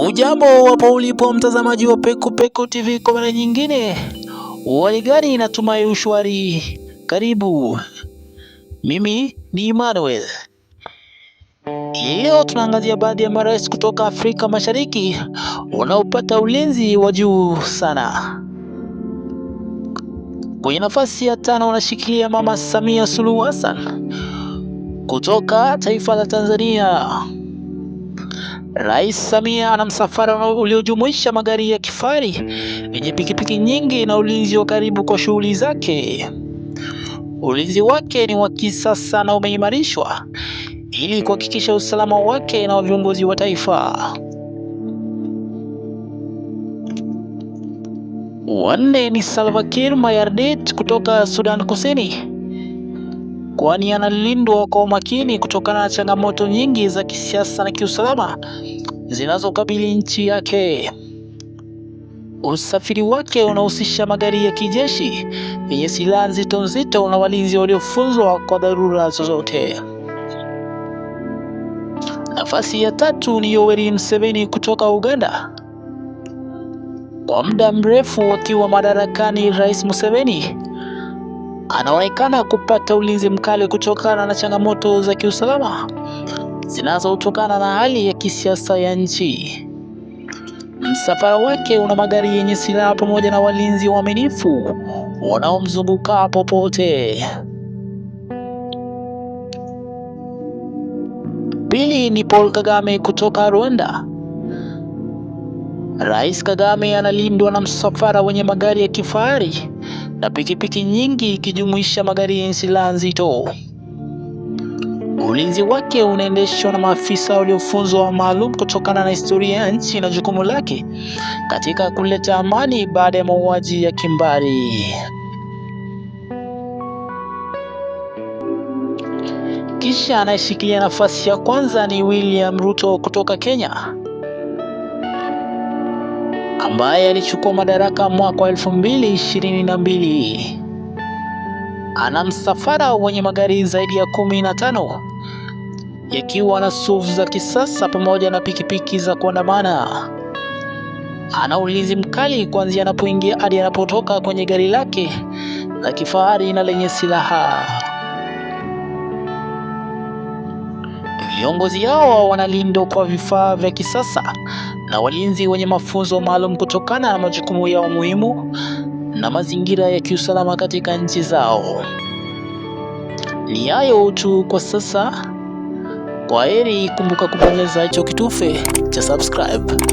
Ujambo wapo ulipo mtazamaji wa Peku TV kwa mara nyingine, gani? natumai ushwari. Karibu, mimi ni Emmanuel. Leo tunaangazia baadhi ya marais kutoka Afrika Mashariki wanaopata ulinzi wa juu sana. Kwenye nafasi ya tano anashikilia Mama Samia Suluhu Hassan kutoka taifa la Tanzania. Rais Samia ana msafara uliojumuisha magari ya kifahari yenye pikipiki nyingi na ulinzi wa karibu kwa shughuli zake. Ulinzi wake ni wa kisasa na umeimarishwa ili kuhakikisha usalama wake na wa viongozi wa taifa. Wanne ni Salva Kiir Mayardit kutoka Sudan Kusini kwani analindwa kwa umakini kutokana na changamoto nyingi za kisiasa na kiusalama zinazokabili nchi yake. Usafiri wake unahusisha magari ya kijeshi yenye silaha nzito nzito na walinzi waliofunzwa kwa dharura zozote. Nafasi ya tatu ni Yoweri Museveni kutoka Uganda. Kwa muda mrefu akiwa madarakani, Rais Museveni anaonekana kupata ulinzi mkali kutokana na changamoto za kiusalama zinazotokana na hali ya kisiasa ya nchi. Msafara wake una magari yenye silaha pamoja na walinzi waaminifu wanaomzunguka popote. Pili ni Paul Kagame kutoka Rwanda. Rais Kagame analindwa na msafara wenye magari ya kifahari na pikipiki nyingi ikijumuisha magari yenye silaha nzito. Ulinzi wake unaendeshwa na maafisa waliofunzwa maalum kutokana na historia ya nchi na jukumu lake katika kuleta amani baada ya mauaji ya kimbari. Kisha anayeshikilia nafasi ya kwanza ni William Ruto kutoka Kenya ambaye alichukua madaraka mwaka wa 2022. Ana msafara wenye magari zaidi ya 15 yakiwa na SUV za kisasa pamoja na pikipiki za kuandamana. Ana ulinzi mkali kuanzia anapoingia hadi anapotoka kwenye gari lake la kifahari na lenye silaha. Viongozi hao wanalindwa kwa vifaa vya kisasa na walinzi wenye mafunzo maalum kutokana na majukumu yao muhimu na mazingira ya kiusalama katika nchi zao. Ni hayo tu kwa sasa. Kwa heri, kumbuka kubonyeza hicho kitufe cha subscribe.